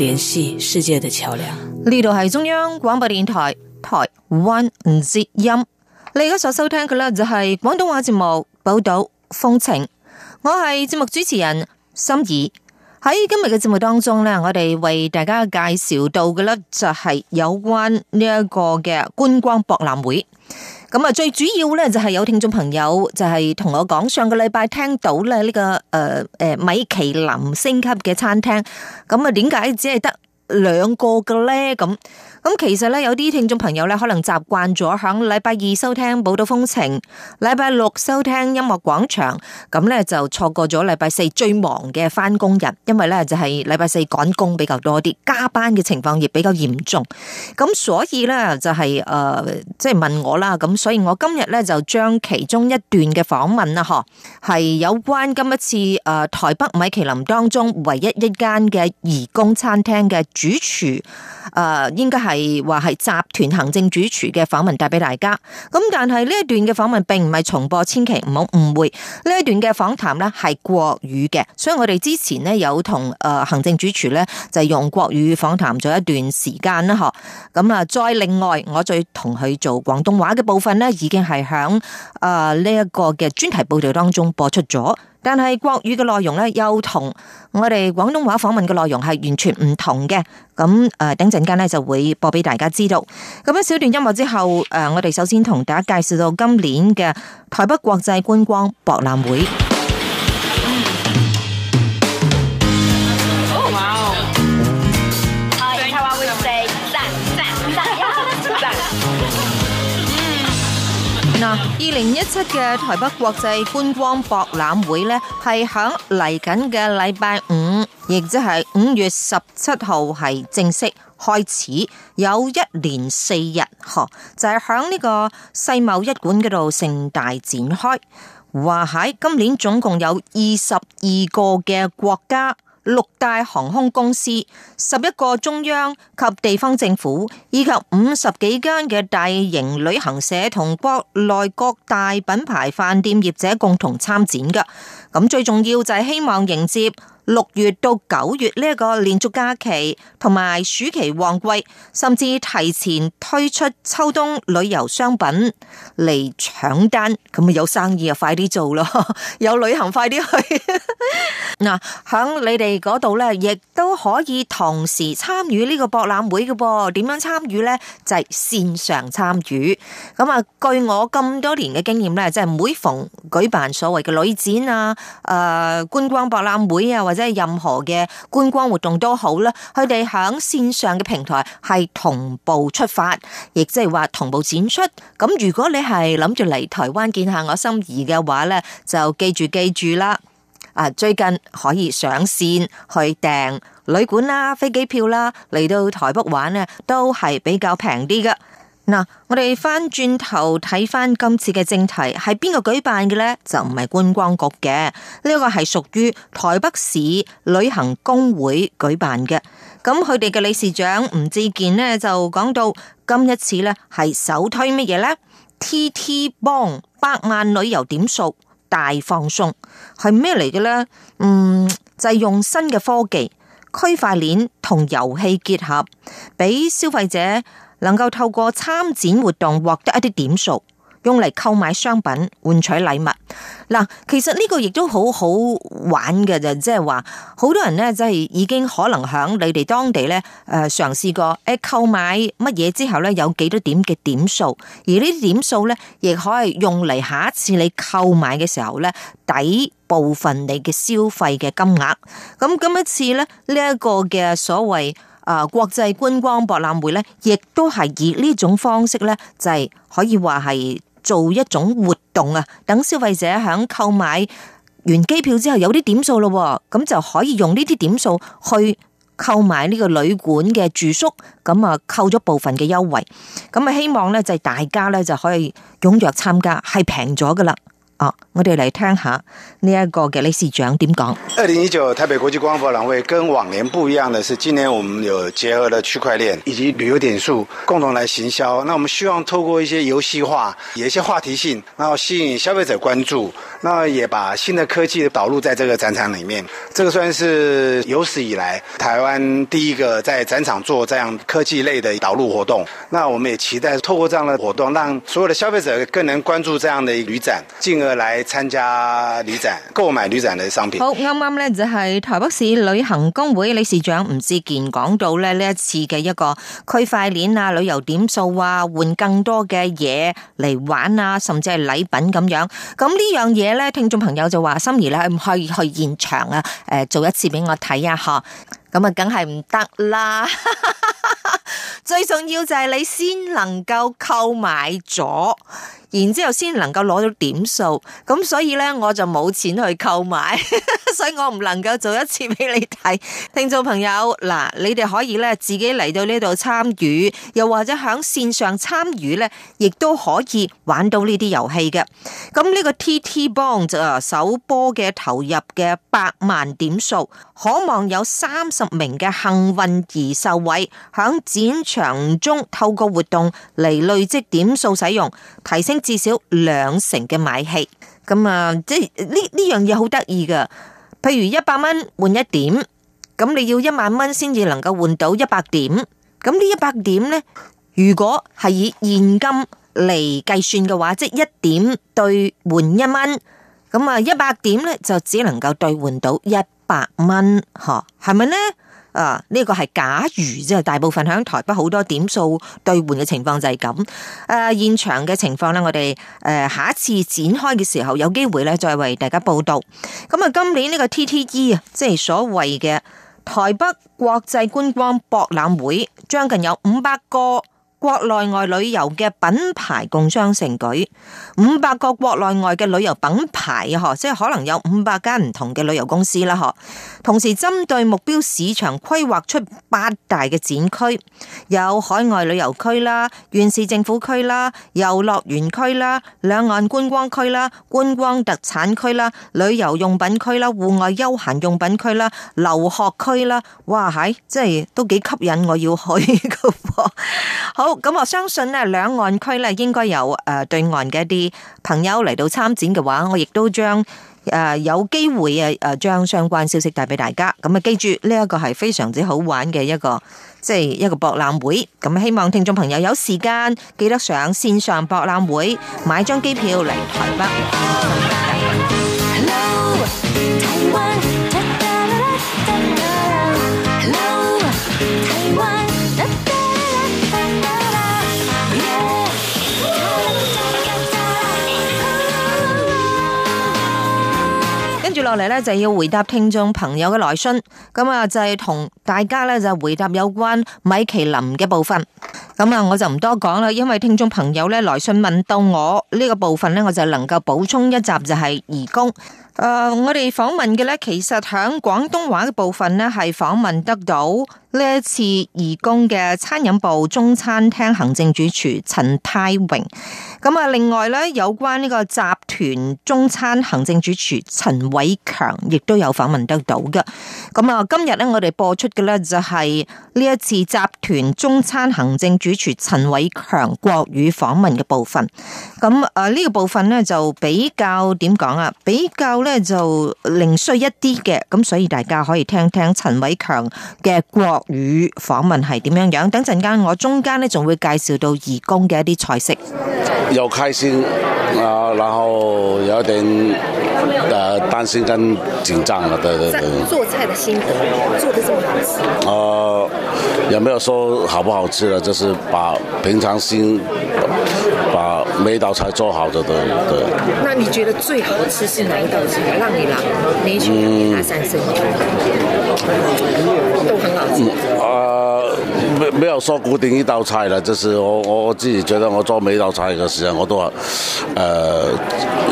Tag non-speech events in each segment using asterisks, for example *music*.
聯繫世界的橋樑。呢度係中央廣播電台台灣之音，你而家所收聽嘅呢，就係廣東話節目《寶島風情》，我係節目主持人心儀。喺今日嘅節目當中呢，我哋為大家介紹到嘅呢，就係有關呢一個嘅觀光博覽會。咁啊，最主要咧就係有聽眾朋友就係同我講，上個禮拜聽到咧呢個誒誒米其林星級嘅餐廳，咁啊點解只係得兩個嘅咧咁？咁其實咧，有啲聽眾朋友咧，可能習慣咗響禮拜二收聽《寶島風情》，禮拜六收聽《音樂廣場》，咁咧就錯過咗禮拜四最忙嘅返工日，因為咧就係禮拜四趕工比較多啲，加班嘅情況亦比較嚴重。咁所以咧就係、是、誒、即、呃、係、就是、問我啦。咁所以我今日咧就將其中一段嘅訪問啦，嗬，係有關今一次誒台北米其林當中唯一一間嘅義工餐廳嘅主廚誒、呃，應該係。係話係集團行政主廚嘅訪問帶俾大家，咁但係呢一段嘅訪問並唔係重播，千祈唔好誤會。呢一段嘅訪談呢係國語嘅，所以我哋之前呢有同誒行政主廚呢就用國語訪談咗一段時間啦，嗬。咁啊，再另外我再同佢做廣東話嘅部分呢，已經係響誒呢一個嘅專題報道當中播出咗。但係國語嘅內容咧，又同我哋廣東話訪問嘅內容係完全唔同嘅。咁誒，等陣間咧就會播俾大家知道。咁一小段音樂之後，誒，我哋首先同大家介紹到今年嘅台北國際觀光博覽會。嗱，二零一七嘅台北國際觀光博覽會呢，係響嚟緊嘅禮拜五，亦即係五月十七號係正式開始，有一連四日，就係響呢個世貿一館嗰度盛大展開。話喺今年總共有二十二個嘅國家。六大航空公司、十一個中央及地方政府，以及五十幾間嘅大型旅行社同國內各大品牌飯店業者共同參展噶。咁最重要就係希望迎接。六月到九月呢一個連續假期，同埋暑期旺季，甚至提前推出秋冬旅遊商品嚟搶單，咁咪有生意啊，快啲做咯，有旅行快啲去。嗱、 *laughs* *laughs* 啊，響你哋度咧，亦都可以同時參與呢個博覽會嘅噃。點樣參與咧？就係、是、線上參與。咁啊，據我咁多年嘅經驗咧，即、就、係、是、每逢舉辦所謂嘅旅展啊、誒、呃、觀光博覽會啊或者，即係任何嘅觀光活動都好啦，佢哋響線上嘅平台係同步出發，亦即係話同步展出。咁如果你係諗住嚟台灣見下我心儀嘅話呢，就記住記住啦。啊，最近可以上線去訂旅館啦、飛機票啦，嚟到台北玩呢都係比較平啲㗎。嗱，我哋翻轉頭睇翻今次嘅正題，係邊個舉辦嘅呢？就唔係觀光局嘅，呢個係屬於台北市旅行公會舉辦嘅。咁佢哋嘅理事長吳志健呢，就講到，今一次呢，係首推乜嘢呢？TTboint 百萬旅遊點數大放送。係咩嚟嘅呢？嗯，就係、是、用新嘅科技區塊鏈同遊戲結合，俾消費者。能夠透過參展活動獲得一啲點數，用嚟購買商品、換取禮物。嗱，其實呢個亦都好好玩嘅就，即係話好多人咧，即係已經可能響你哋當地咧，誒嘗試過誒購買乜嘢之後咧，有幾多點嘅點數，而呢啲點數咧，亦可以用嚟下一次你購買嘅時候咧，抵部分你嘅消費嘅金額。咁咁一次咧，呢一個嘅所謂。啊！國際觀光博覽會咧，亦都係以呢種方式咧，就係、是、可以話係做一種活動啊！等消費者喺購買完機票之後有啲點數咯、啊，咁、嗯、就可以用呢啲點數去購買呢個旅館嘅住宿，咁、嗯、啊扣咗部分嘅優惠。咁、嗯、啊，希望咧就係、是、大家咧就可以踴躍參加，係平咗㗎喇。好、哦，我哋嚟聽下呢一個嘅理事長點講。二零一九台北國際觀光博覽會跟往年不一樣的是，今年我們有結合了區塊鏈以及旅遊點數，共同來行銷。那我們希望透過一些遊戲化，有一些話題性，然後吸引消費者關注。那也把新的科技的導入在這個展場裡面。這個算是有史以來台灣第一個在展場做這樣科技類的導入活動。那我們也期待透過這樣的活動，讓所有的消費者更能關注這樣的旅展，進而。來參加旅展，購買旅展的商品。好，啱啱咧就係台北市旅行公會理事長吳志健講到咧，呢一次嘅一個區塊鏈啊、旅遊點數啊，換更多嘅嘢，嚟玩啊，甚至係禮品咁樣。咁呢樣嘢咧，聽眾朋友就話心儀咧，唔可以去現場啊，誒，做一次俾我睇啊？吓，咁啊梗係唔得啦，最重要就係你先能夠購買咗。然之後先能夠攞到點數，咁所以咧我就冇錢去購買， *laughs* 所以我唔能夠做一次俾你睇。聽眾朋友，嗱，你哋可以咧自己嚟到呢度參與，又或者響線上參與咧，亦都可以玩到呢啲遊戲嘅。咁呢個 TTboint 就首波嘅投入嘅百萬點數，可望有三十名嘅幸運兒受惠，響展場中透過活動嚟累積點數使用，提升。至少兩成嘅買氣，咁啊，即係呢呢樣嘢好得意噶。譬如一百蚊換一點，咁你要一萬蚊先至能夠換到一百點。咁呢一百點呢，如果係以現金嚟計算嘅話，即係一點兌換一蚊，咁啊一百點呢，就只能夠兌換到一百蚊，嗬，係咪呢？啊！呢、這個係假如即係大部分喺台北好多點數兌換嘅情況就係咁。誒、啊，現場嘅情況呢，我哋誒、啊、下一次展開嘅時候，有機會呢，再為大家報道。咁、嗯、啊，今年呢個 TTE 啊，即係所謂嘅台北國際觀光博覽會，將近有五百個。國內外旅遊嘅品牌共襄盛舉，五百個國內外嘅旅遊品牌啊，嗬，即係可能有五百間唔同嘅旅遊公司啦，嗬。同時針對目標市場規劃出八大嘅展區，有海外旅遊區啦、縣市政府區啦、遊樂園區啦、兩岸觀光區啦、觀光特產區啦、旅遊用品區啦、戶外休閒用品區啦、留學區啦。哇，係、哎，即係都幾吸引，我要去個。 *laughs* 好。咁我相信呢，兩岸區呢應該有誒對岸嘅一啲朋友嚟到參展嘅話，我亦都將誒有機會誒誒將相關消息帶俾大家。咁啊，記住呢一個係非常之好玩嘅一個即係一個博覽會。咁希望聽眾朋友有時間記得上線上博覽會買張機票嚟台北。Hello 接落嚟咧就要回答聽眾朋友嘅來信，咁啊就係同大家咧就回答有關米其林嘅部分，咁啊我就唔多講啦，因為聽眾朋友咧來信問到我呢、這個部分咧，我就能夠補充一集就係義工。誒、呃，我哋訪問嘅咧，其實響廣東話嘅部分咧係訪問得到呢一次義工嘅餐飲部中餐廳行政主廚陳泰榮。咁啊，另外咧，有關呢個集團中餐行政主廚陳偉強，亦都有訪問得到嘅。咁啊，今日咧，我哋播出嘅咧就係呢一次集團中餐行政主廚陳偉強國語訪問嘅部分。咁啊，呢個部分咧就比較點講啊，比較咧就零碎一啲嘅。咁所以大家可以聽聽陳偉強嘅國語訪問係點樣樣。等陣間我中間咧仲會介紹到義工嘅一啲菜式。有開心，啊、呃，然後有點，啊、呃，擔心跟緊張了。對對對。做菜的心得，做的這麼好吃。啊、呃，有沒有說好不好吃了？就是把平常心，把，把每一道菜做好，就都，對。對那你覺得最好吃是哪一道是讓你啦，讓你覺得三生、嗯、都很好吃。嗯沒有說固定呢道菜啦，就是我我之前覺得我做每道菜嘅時候，我都話誒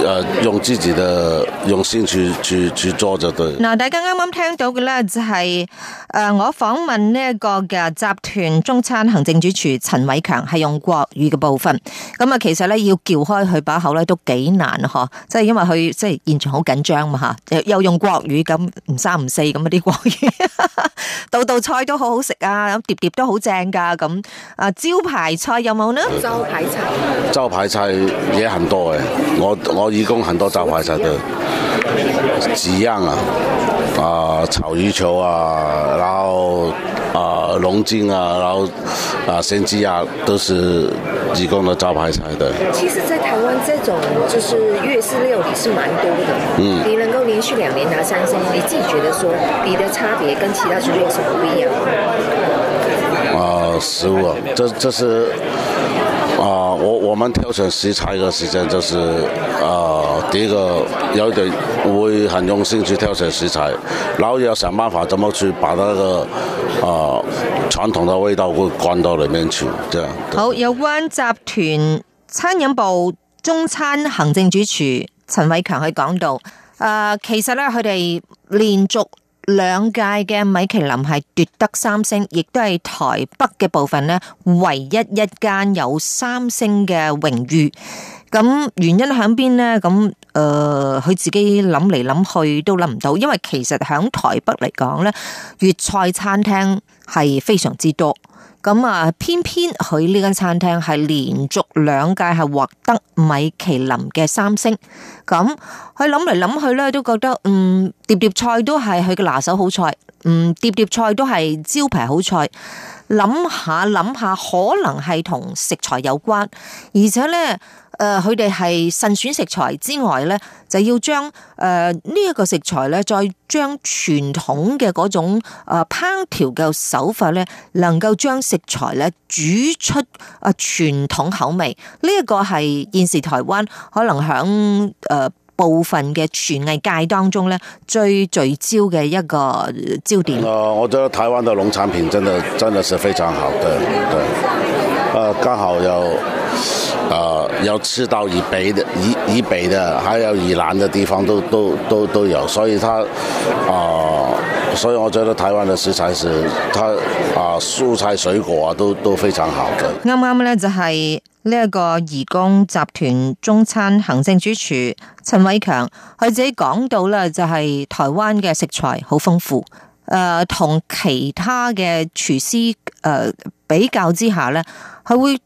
誒，用自己的用心去去去做就對。嗱，大家啱啱聽到嘅咧就係、是、誒、呃，我訪問呢一個嘅集團中餐行政主廚陳偉強，係用國語嘅部分。咁啊，其實咧要撬開佢把口咧都幾難嗬，即係因為佢即係現場好緊張嘛吓，又用國語咁唔三唔四咁啲國語， *laughs* 道道菜都好好食啊，咁碟碟都好正噶，咁啊，招牌菜有冇呢？招牌菜，招牌菜也很多嘅、欸,我我義工很多招牌菜都幾樣啊，啊草魚球啊，然後啊龍筋啊，然後啊鮮雞鴨都是義工的招牌菜對。其實，在台灣這種就是粵式料理是蠻多的。嗯，你能夠連續兩年拿三星，你自己覺得說你的差別跟其他廚師有什麼不一樣？食物，這這是啊，我我們挑選食材嘅時間，就是啊，第一個要對會很用心去挑選食材，然後要想辦法，怎麼去把那個啊傳統的味道會灌到裏面去。好，有關集團餐飲部中餐行政主廚陳偉強去講到，誒，其實咧佢哋連續。兩屆嘅米其林係奪得三星，亦都係台北嘅部分呢，唯一一間有三星嘅榮譽。咁原因喺邊呢？咁誒，佢、呃、自己諗嚟諗去都諗唔到，因為其實喺台北嚟講呢，粵菜餐廳。係非常之多，咁啊，偏偏佢呢間餐廳係連續兩屆係獲得米其林嘅三星，咁佢諗嚟諗去咧，都覺得嗯，碟碟菜都係佢嘅拿手好菜。嗯，碟碟菜都係招牌好菜。諗下諗下，可能係同食材有關，而且咧，誒、呃，佢哋係慎選食材之外咧，就要將誒呢一個食材咧，再將傳統嘅嗰種誒、呃、烹調嘅手法咧，能夠將食材咧煮出啊傳、呃、統口味。呢、這、一個係現時台灣可能響誒。呃部分嘅傳藝界當中呢，最聚焦嘅一個焦點。我覺得台灣的農產品真的，真的是非常好嘅。對，誒，剛好有，誒，有赤道以北的，以以北的，還有以南的地方都都都都有，所以，它，啊，所以我覺得台灣的食材是，它，啊，蔬菜水果啊，都都非常好嘅。啱啱呢就係。呢一個義工集團中餐行政主廚陳偉強，佢自己講到啦，就係台灣嘅食材好豐富，誒、呃，同其他嘅廚師誒、呃、比較之下咧，佢會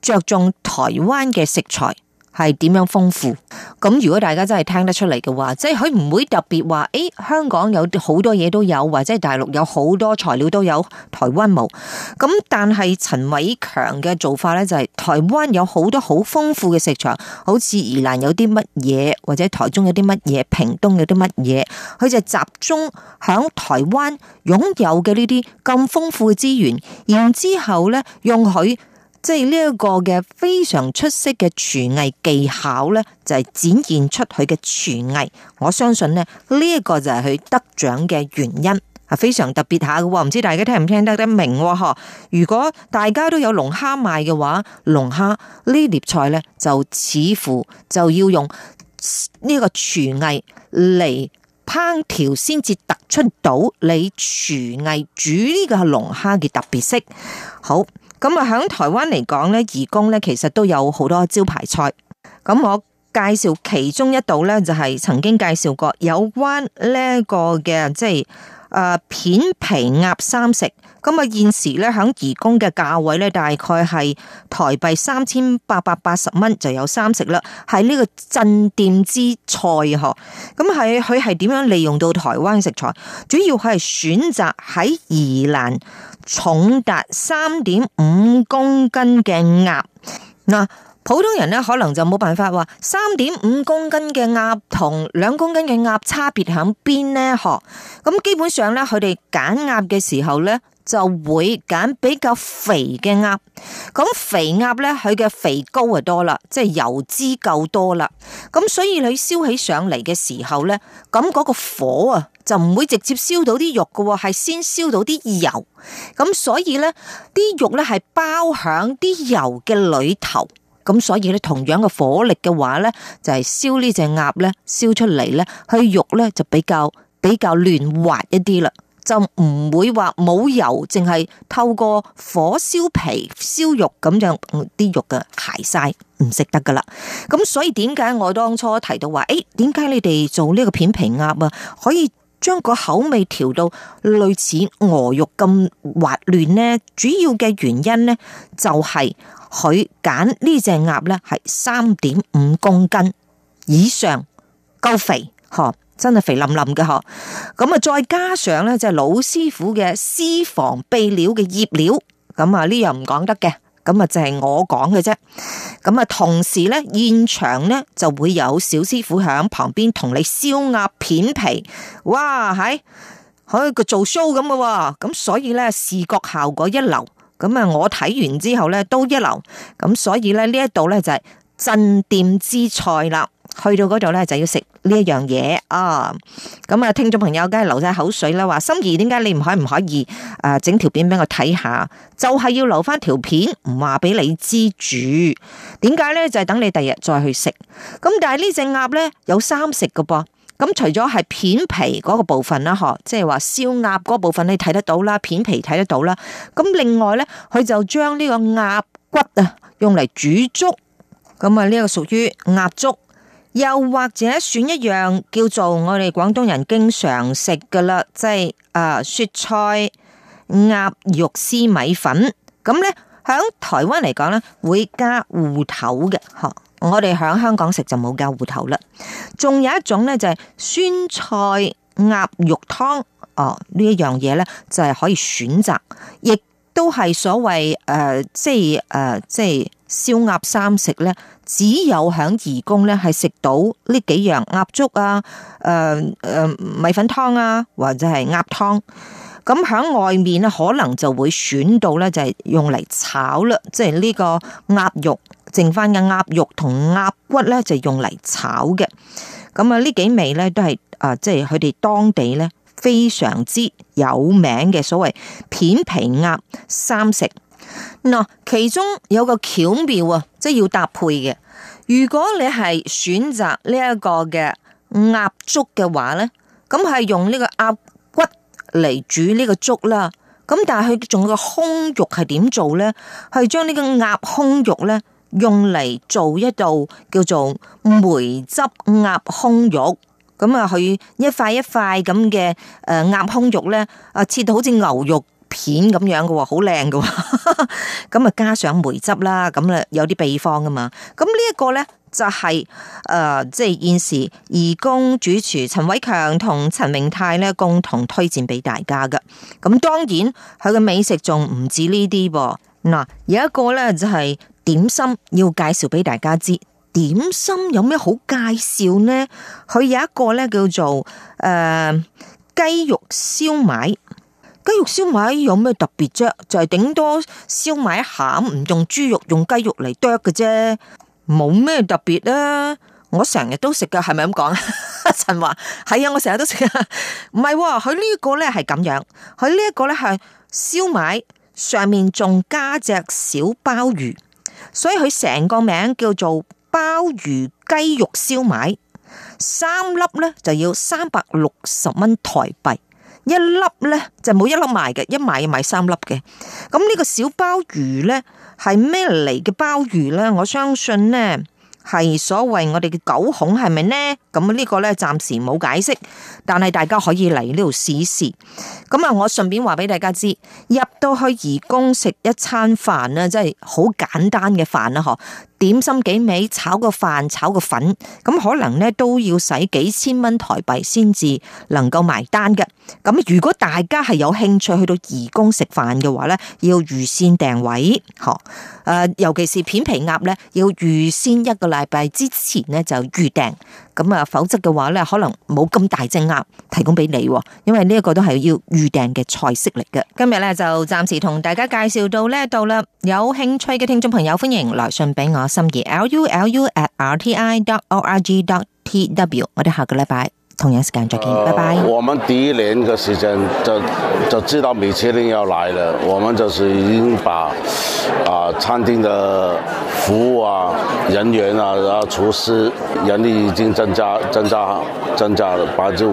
着重台灣嘅食材。係點樣豐富？咁如果大家真係聽得出嚟嘅話，即係佢唔會特別話，誒、哎，香港有好多嘢都有，或者大陸有好多材料都有，台灣冇。咁但係陳偉強嘅做法呢、就是，就係台灣有好多好豐富嘅食材，好似宜蘭有啲乜嘢，或者台中有啲乜嘢，屏東有啲乜嘢，佢就集中響台灣擁有嘅呢啲咁豐富嘅資源，然之後呢用佢。即係呢一個嘅非常出色嘅廚藝技巧咧，就係展現出佢嘅廚藝。我相信呢，呢一個就係佢得獎嘅原因，係非常特別下嘅。唔知大家聽唔聽得明？嗬，如果大家都有龍蝦賣嘅話，龍蝦呢碟菜咧就似乎就要用呢個廚藝嚟烹調，先至突出到你廚藝煮呢個龍蝦嘅特別色。好。咁啊，喺台灣嚟講咧，移工咧其實都有好多招牌菜。咁我介紹其中一道咧，就係、是、曾經介紹過有關呢一個嘅，即係誒、呃、片皮鴨三食。咁啊，現時咧喺移工嘅價位咧，大概係台幣三千八百八十蚊就有三食啦。係呢個鎮店之菜呵。咁係佢係點樣利用到台灣食材？主要係選擇喺宜蘭。重達三點五公斤嘅鴨，嗱，普通人咧可能就冇辦法話，三點五公斤嘅鴨同兩公斤嘅鴨差別喺邊呢？嗬，咁基本上咧，佢哋揀鴨嘅時候咧，就會揀比較肥嘅鴨。咁肥鴨咧，佢嘅肥膏啊多啦，即係油脂夠多啦。咁所以你燒起上嚟嘅時候咧，咁嗰個火啊！就唔會直接燒到啲肉嘅，係先燒到啲油，咁所以呢啲肉呢係包響啲油嘅裏頭，咁所以呢同樣嘅火力嘅話，就是，燒呢，燒呢，就係燒呢隻鴨呢。燒出嚟呢，佢肉呢就比較比較嫩滑一啲啦，就唔會話冇油，淨係透過火燒皮燒肉咁樣啲肉嘅柴晒唔食得噶啦。咁所以點解我當初提到話，誒、欸，點解你哋做呢個片皮鴨啊，可以？將個口味調到類似鵝肉咁滑嫩呢？主要嘅原因呢，就係佢揀呢隻鴨呢係三點五公斤以上，夠肥，真係肥淋淋嘅嗬。咁啊，再加上呢就係老師傅嘅私房秘料嘅醃料，咁啊呢樣唔講得嘅。咁啊，就係我講嘅啫。咁啊，同時咧，現場咧就會有小師傅喺旁邊同你燒鴨片皮，哇，係，好似個做 show 咁嘅喎。咁所以咧，視覺效果一流。咁啊，我睇完之後咧都一流。咁所以咧，呢一度咧就係鎮店之菜啦。去到嗰度咧，就要食呢一樣嘢啊！咁啊，聽眾朋友梗係流晒口水啦。話心怡點解你唔可唔可以誒整條片俾我睇下？就係要留翻條片，唔話俾你知煮點解咧？就係等你第日再去食。咁但係呢隻鴨咧有三食嘅噃。咁除咗係片皮嗰個部分啦，呵，即係話燒鴨嗰部分你睇得到啦，片皮睇得到啦。咁另外咧，佢就將呢個鴨骨啊用嚟煮粥。咁啊，呢一個屬於鴨粥。又或者選一樣叫做我哋廣東人經常食噶啦，即係誒雪菜鴨肉絲米粉，咁呢，喺台灣嚟講呢，會加芋頭嘅，嗬！我哋喺香港食就冇加芋頭啦。仲有一種呢，就係酸菜鴨肉湯，哦呢一樣嘢呢，就係可以選擇，亦。都係所謂誒、呃，即係誒、呃，即係燒鴨三食咧。只有喺義工咧係食到呢幾樣鴨粥啊，誒、呃、誒米粉湯啊，或者係鴨湯。咁喺外面咧，可能就會選到咧，就係、是、用嚟炒啦。即係呢個鴨肉，剩翻嘅鴨肉同鴨骨咧，就係、用嚟炒嘅。咁啊，呢幾味咧都係啊、呃，即係佢哋當地咧。非常之有名嘅所謂片皮鴨三食，嗱，其中有個巧妙啊，即係要搭配嘅。如果你係選擇呢一個嘅鴨粥嘅話呢，咁係用呢個鴨骨嚟煮呢個粥啦。咁但係佢仲有個胸肉係點做呢？係將呢個鴨胸肉呢，用嚟做一道叫做梅汁鴨胸肉。咁啊，佢一塊一塊咁嘅誒鴨胸肉咧，啊切到好似牛肉片咁樣嘅喎，好靚嘅喎，咁 *laughs* 啊加上梅汁啦，咁咧有啲秘方嘅嘛。咁呢一個咧就係、是、誒，即、呃、係、就是、現時義工主廚陳偉強同陳明泰咧共同推薦俾大家嘅。咁當然佢嘅美食仲唔止呢啲噃，嗱有一個咧就係、是、點心要介紹俾大家知。點心有咩好介紹呢？佢有一個咧叫做誒雞、呃、肉燒賣，雞肉燒賣有咩特別啫？就係、是、頂多燒賣餡唔用豬肉，用雞肉嚟剁嘅啫，冇咩特別啊。我成日都食㗎，係咪咁講啊？陳華係啊，我成日都食啊。唔係，佢呢個咧係咁樣，佢呢一個咧係燒賣上面仲加隻小鮑魚，所以佢成個名叫做。鮑魚雞肉燒賣三粒呢就要三百六十蚊台幣，一粒呢就冇一粒賣嘅，一買要買三粒嘅。咁、嗯、呢、呢個小鮑魚呢係咩嚟嘅鮑魚呢？我相信呢。係所謂我哋嘅九孔係咪呢？咁呢個呢，暫時冇解釋，但係大家可以嚟呢度試試。咁啊，我順便話俾大家知，入到去義工食一餐飯啊，真係好簡單嘅飯啦，嗬！點心幾味，炒個飯，炒個粉，咁可能呢都要使幾千蚊台幣先至能夠埋單嘅。咁如果大家係有興趣去到義工食飯嘅話呢，要預先訂位，嗬。誒，尤其是片皮鴨呢，要預先一個禮拜。大禮拜之前咧就預訂，咁啊，否則嘅話咧可能冇咁大隻鴨提供俾你，因為呢一個都係要預訂嘅菜式嚟嘅。今日咧就暫時同大家介紹到呢一度啦，有興趣嘅聽眾朋友歡迎來信俾我，心怡 l u l u at r t i dot o r g dot t w，我哋下個禮拜。同樣時間再見，拜拜。我們第一年嘅時間，就就知道米其林要來了，我們就是已經把啊餐廳嘅服務啊人員啊，然後廚師人力已經增加增加增加了百分之。